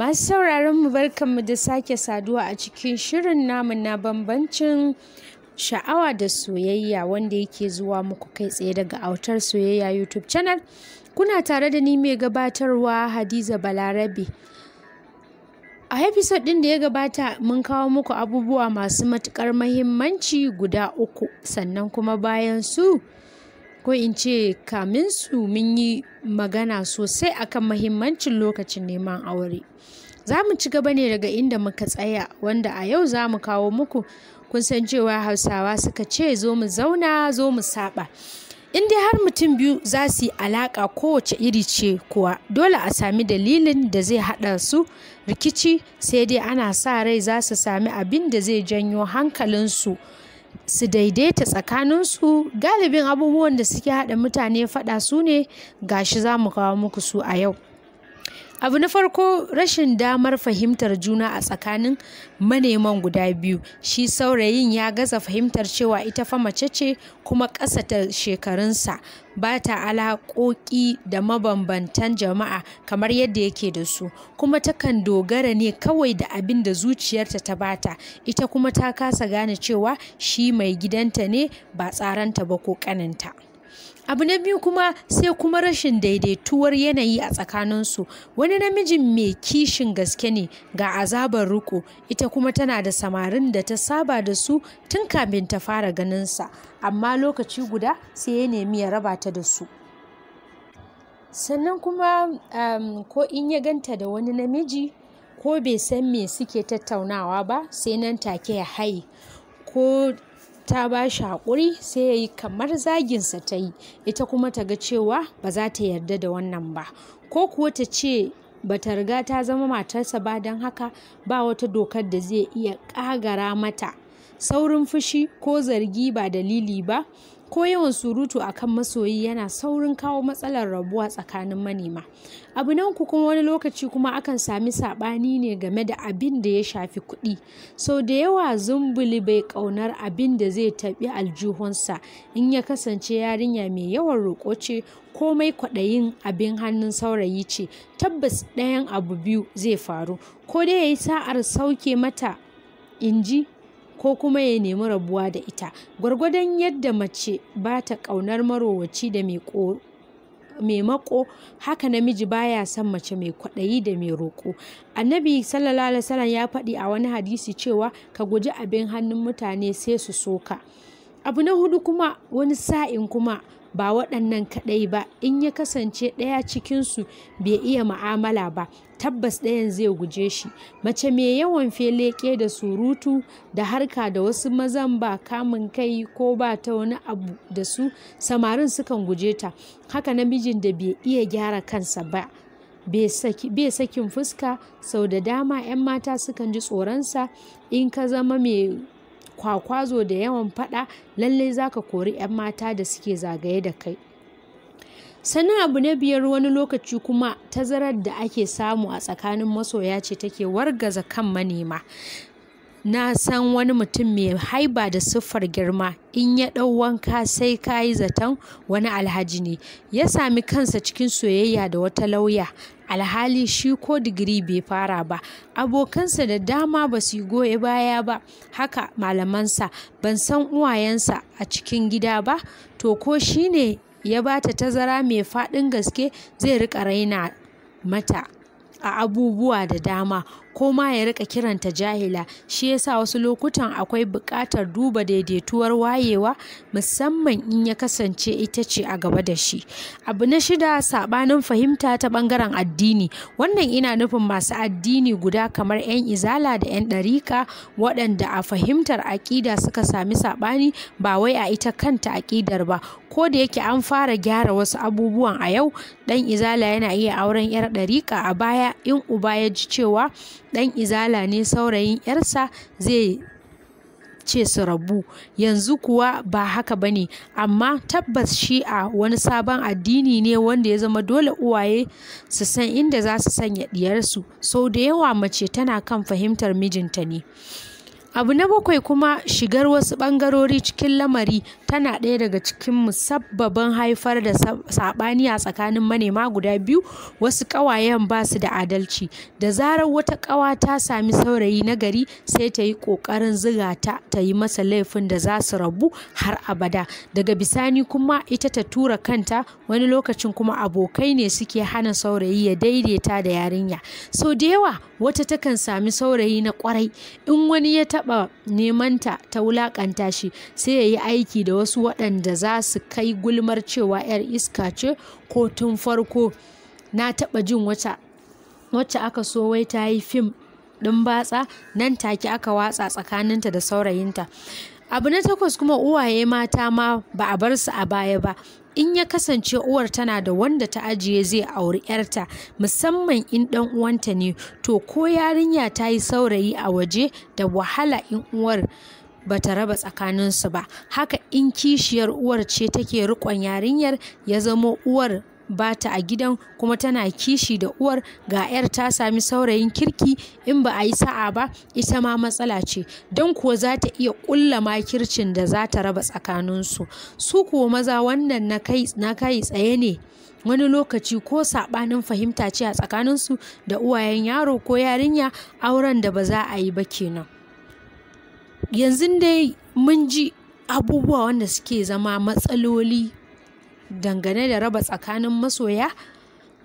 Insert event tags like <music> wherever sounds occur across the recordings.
Masu sauraron mu barkanmu da sake saduwa a cikin shirin namu na bambancin sha'awa da soyayya wanda yake zuwa muku kai tsaye daga autar soyayya YouTube channel. Kuna tare da ni mai gabatarwa Hadiza Balarabe. A episode ɗin da ya gabata mun kawo muku abubuwa masu matuƙar mahimmanci guda uku sannan kuma bayan su ko in ce kamin su mun yi magana sosai akan mahimmancin lokacin neman aure za mu ci gaba ne daga inda muka tsaya wanda a yau za mu kawo muku kun san cewa hausawa suka ce zo mu zauna zo mu saba in dai har mutum biyu za su yi alaka kowace iri ce kuwa dole a sami dalilin da zai haɗa su rikici sai dai ana sa rai za su sami abin da zai janyo hankalinsu su daidaita tsakaninsu galibin abubuwan da suke haɗa mutane faɗa su ne gashi za mu kawo muku su a yau abu na farko rashin damar fahimtar juna a tsakanin maneman guda biyu shi saurayin ya gaza fahimtar cewa ita fa mace ce kuma ƙasa ta shekarunsa ba ta alaƙoƙi da mabambantan jama'a kamar yadda yake da su kuma takan dogara ne kawai da abin da zuciyarta ta bata ita kuma ta kasa gane cewa shi mai gidanta ne ba tsaranta ba ko ƙaninta. abu na biyu kuma sai kuma rashin daidaituwar yanayi a tsakaninsu wani namijin mai kishin gaske ne ga azabar riko ita kuma tana da samarin da ta saba da su tun kamin ta fara ganinsa amma lokaci guda sai ya nemi ya raba ta da su sannan kuma um, ko in ya ganta da wani namiji ko bai san me suke tattaunawa ba sai nan take ya haye ko ta ba shi haƙuri sai ya yi kamar zaginsa ta yi ita kuma ta ga cewa ba za ta yarda da wannan ba ko kuwa ta ce ba ta riga ta zama matarsa ba don haka ba wata dokar da zai iya ƙagara mata saurin fushi ko zargi ba dalili ba ko yawan surutu a kan masoyi yana saurin kawo matsalar rabuwa tsakanin manema abu nan ku kuma wani lokaci kuma akan sami saɓani ne game da abin da ya shafi kuɗi sau da yawa zumbuli bai ƙaunar abin da zai taɓi aljihunsa in ya kasance yarinya mai yawan roƙo ce komai kwaɗayin abin hannun saurayi ce tabbas ɗayan abu biyu zai faru ko dai ya yi sa'ar sauke mata inji ko kuma ya nemi rabuwa da ita gwargwadon yadda mace ba ta ƙaunar marowaci da mai mako haka namiji baya son mace mai kwaɗayi da mai roƙo annabi sallallahu alaihi ya faɗi a wani hadisi cewa ka guji abin hannun mutane sai su soka abu na hudu kuma wani sa'in kuma ba waɗannan kaɗai ba in ya kasance ɗaya cikinsu bai iya ma'amala ba tabbas ɗayan zai guje shi mace mai yawan feleke da surutu da harka da wasu mazan ba kamun kai ko ba ta wani abu da su samarin sukan guje ta haka namijin da bai iya gyara kansa ba bai sakin fuska sau da dama 'yan mata sukan ji tsoronsa in ka zama mai kwakwazo da yawan faɗa lallai za ka kori 'yan mata da suke zagaye da kai sannan abu na biyar wani lokaci kuma tazarar da ake samu a tsakanin masoya ce take wargaza kan manema na san wani mutum mai haiba da siffar girma in ya ɗau wanka sai ka yi zaton wani alhaji ne ya sami kansa cikin soyayya da wata lauya alhali shi ko digiri bai fara ba abokansa da dama ba su goye baya ba haka malamansa ban san uwayensa a cikin gida ba to ko shi ne ya ba ta tazara mai faɗin gaske zai riƙa raina mata a abubuwa da dama ko ma ya rika kiranta jahila shi yasa wasu lokutan akwai buƙatar duba daidaituwar wayewa musamman in ya kasance ita ce a gaba da shi abu na shida sabanin fahimta ta bangaren addini wannan ina nufin masu addini guda kamar 'yan izala da 'yan ɗarika waɗanda a fahimtar aƙida suka sami saɓani ba wai a ita kanta aƙidar ba ko da yake an fara gyara wasu abubuwan a yau ɗan izala yana iya auren 'yar ɗarika a baya in uba ya ji cewa dan izala ne saurayin 'yarsa zai ce su rabu yanzu kuwa ba haka ba ne amma tabbas shi a wani sabon addini ne wanda ya zama dole uwaye su san inda za su sanya diyarsu sau da yawa mace tana kan fahimtar mijinta ne abu na bakwai kuma shigar wasu bangarori cikin lamari tana ɗaya daga cikin musabbaban haifar da saɓani a tsakanin manema guda biyu wasu ƙawayen ba su da adalci da zarar wata ƙawa ta sami saurayi na gari sai ta yi ƙoƙarin ziga ta ta yi masa laifin da za su rabu har abada daga bisani kuma ita ta tura kanta wani lokacin kuma abokai ne suke hana saurayi ya daidaita da yarinya sau da yawa wata takan sami saurayi na ƙwarai in wani ya taɓa nemanta ta wulaƙanta shi sai ya yi aiki da wasu waɗanda za su kai gulmar cewa 'yar iska ce ko tun farko na taɓa jin wacce aka so wai ta yi fim ɗin batsa nan take aka watsa tsakaninta da saurayinta abu na takwas kuma uwaye mata ma ba a bar su a baya ba in ya kasance uwar tana da wanda ta ajiye zai auri 'yarta musamman in dan uwanta ne to ko yarinya ta yi saurayi a waje da wahala in uwar ba ta raba tsakaninsu ba haka in kishiyar uwar ce take riƙon yarinyar ya zama uwar bata a gidan kuma tana kishi da uwar ga 'yar ta sami saurayin kirki in ba a yi sa'a ba ita ma matsala ce don kuwa za ta iya ƙulla makircin da za ta raba tsakaninsu su kuwa maza wannan na kai tsaye ne wani lokaci ko saɓanin fahimta ce a tsakaninsu da uwayen yaro ko yarinya auren da ba za a yi ba kenan yanzu dai mun ji abubuwa wanda suke zama matsaloli dangane da raba tsakanin masoya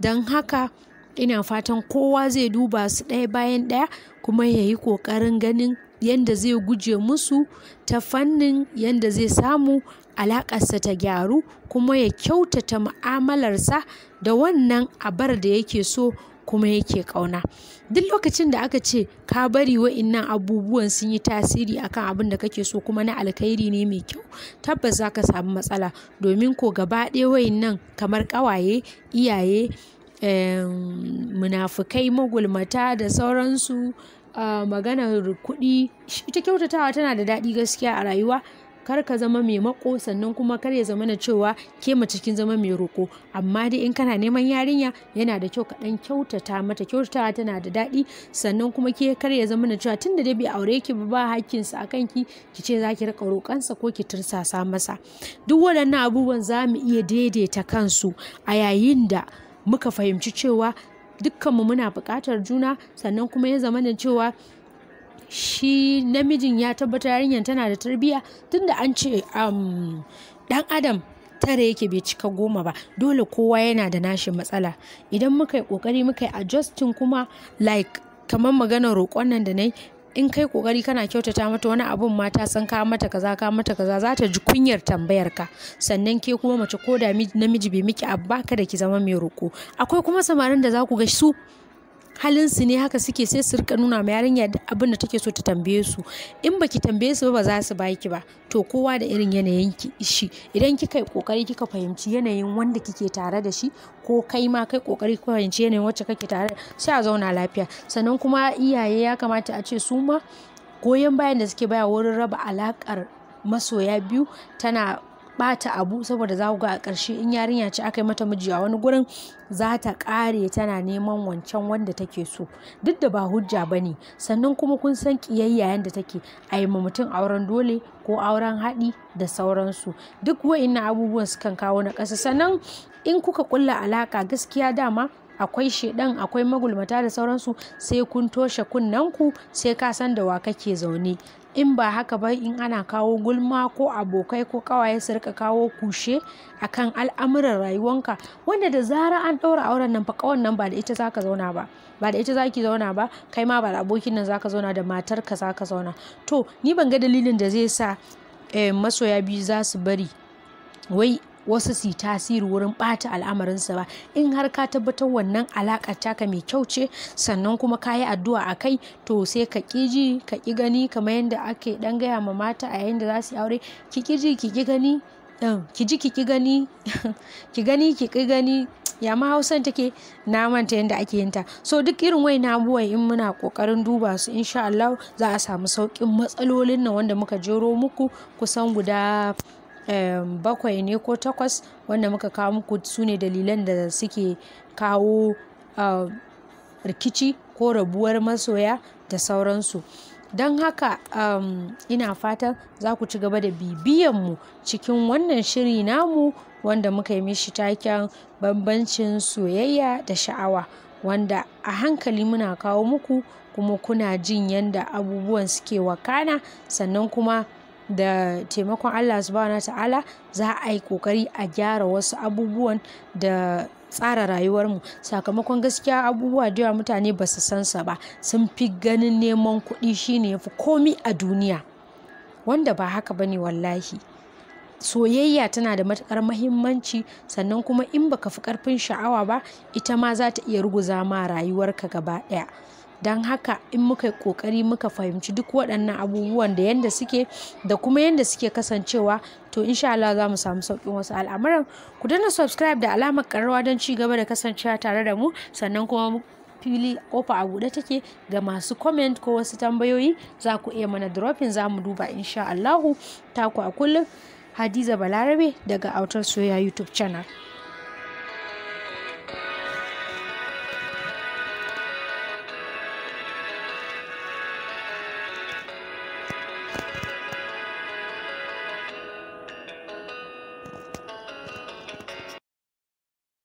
don haka ina fatan kowa zai duba su ɗaya bayan ɗaya kuma ya yi ƙoƙarin ganin yadda zai guje musu ta fannin yadda zai samu alaƙarsa ta gyaru kuma ya kyautata ma'amalarsa da wannan abar da yake so kuma yake ƙauna duk lokacin da aka ce ka bari wa'innan abubuwan sun yi tasiri akan abin da kake so kuma na alkhairi ne mai kyau tabbas za ka samu matsala domin ko gaba ɗaya wa'innan kamar ƙawaye iyaye munafukai magulmata da sauransu maganar kuɗi ita kyautatawa tana da daɗi gaskiya a rayuwa kar ka zama mai mako sannan kuma kar ya zama na cewa ke mace cikin zama mai roko amma dai in kana neman yarinya yana da kyau ka dan kyautata mata kyautata tana da daɗi sannan kuma ke kar ya zama na cewa tun da dai bai aure ki ba hakkin sa akan ki ki ce zaki rika roƙansa ko ki tursasa masa duk waɗannan abubuwan za mu iya daidaita kansu a yayin da muka fahimci cewa dukkanmu muna buƙatar juna sannan kuma ya zama da cewa shi namijin ya tabbatar yarinyar tana da tarbiyya tunda an ce um, dan adam tare yake bai cika goma ba dole kowa yana da nashi matsala idan muka yi kokari muka yi adjusting kuma like kamar maganar roƙon nan da na yi in kai kokari kana kyautata mata wani abun mata san ka mata kaza ka mata kaza za ta ji kunyar tambayar ka sannan ke kuma mace ko da namiji bai miki abba da ki zama mai roko akwai kuma samarin da za ku ga su halin su ne haka suke sai su rika nuna ma yarinya abin da take so ta tambaye su in baki tambaye su ba ba za su baki ba to kowa da irin yanayin ki shi idan kika yi kokari kika fahimci yanayin wanda kike tare da shi ko kai ma kai kokari ka fahimci yanayin wacce kake tare sai a zauna lafiya sannan kuma iyaye ya kamata a ce su ma goyon bayan da suke baya wurin raba alakar masoya biyu tana bata abu saboda za ga a ƙarshe in yarinya ce aka yi mata miji a wani gurin za ta ƙare tana neman wancan wanda take so duk da ba hujja ba ne sannan kuma kun san ƙiyayya yadda take a yi mutum auren dole ko auren haɗi da sauransu duk wa'innan abubuwan sukan kawo na ƙasa sannan in kuka ƙulla alaƙa gaskiya dama akwai shedan akwai magulmata da sauransu sai kun toshe kunnanku sai ka san da wa kake zaune in ba haka ba in ana kawo gulma ko abokai ko kawaye su rika kawo kushe akan al'amuran rayuwanka wanda da zara an ɗaura auren nan fa kawan nan ba da ita zaka zauna ba ba da ita zaki zauna ba kai ma ba da abokin nan zaka zauna da matar ka zaka zauna to ni ban ga dalilin da zai sa eh, masoya biyu za su bari wai wasu su tasiri wurin ɓata al'amarinsa ba in har ka tabbatar wannan alaƙar taka mai kyau ce sannan kuma ka yi addu'a a kai to sai ka ƙi ji ka ƙi gani kamar yadda ake ɗan gaya ma mata a yayin da za su yi aure ki ƙi ji ki ƙi gani eh, ki ji ki ƙi gani <laughs> ki gani ki ƙi gani ya ma hausan take na manta yadda ake yin ta so duk irin wai na buwa in muna kokarin duba su insha Allah za a samu saukin matsalolin nan wanda muka jero muku kusan guda bakwai ne ko takwas wanda muka kawo muku su ne dalilan da suke kawo uh, rikici ko rabuwar masoya da sauransu don haka um, ina fatan za ku ci gaba da bibiyanmu cikin wannan shiri namu wanda muka yi mishi taken bambancin soyayya da sha'awa wanda a hankali muna kawo muku kuma kuna jin yadda abubuwan suke wakana sannan kuma da taimakon Allah subhanahu ta'ala za a yi kokari a gyara wasu abubuwan da tsara rayuwarmu sakamakon gaskiya abubuwa da yawa mutane ba su san sa ba sun fi ganin neman kuɗi shine yafi komi a duniya wanda ba haka bane wallahi soyayya tana da matukar mahimmanci sannan kuma in baka fi karfin sha'awa ba ita ma za ta iya ruguza ma rayuwarka gaba ɗaya don haka in muka yi kokari muka fahimci duk waɗannan abubuwan da yadda suke da kuma yadda suke kasancewa to insha Allah za mu samu sauƙin wasu al'amuran ku danna subscribe da alamar ƙararrawa don ci gaba da kasancewa tare da mu sannan kuma fili kofa a buɗe take ga masu comment ko wasu tambayoyi za ku iya mana dropping za mu duba insha Allahu taku a kullum Hadiza Balarabe daga Autar Soya YouTube channel.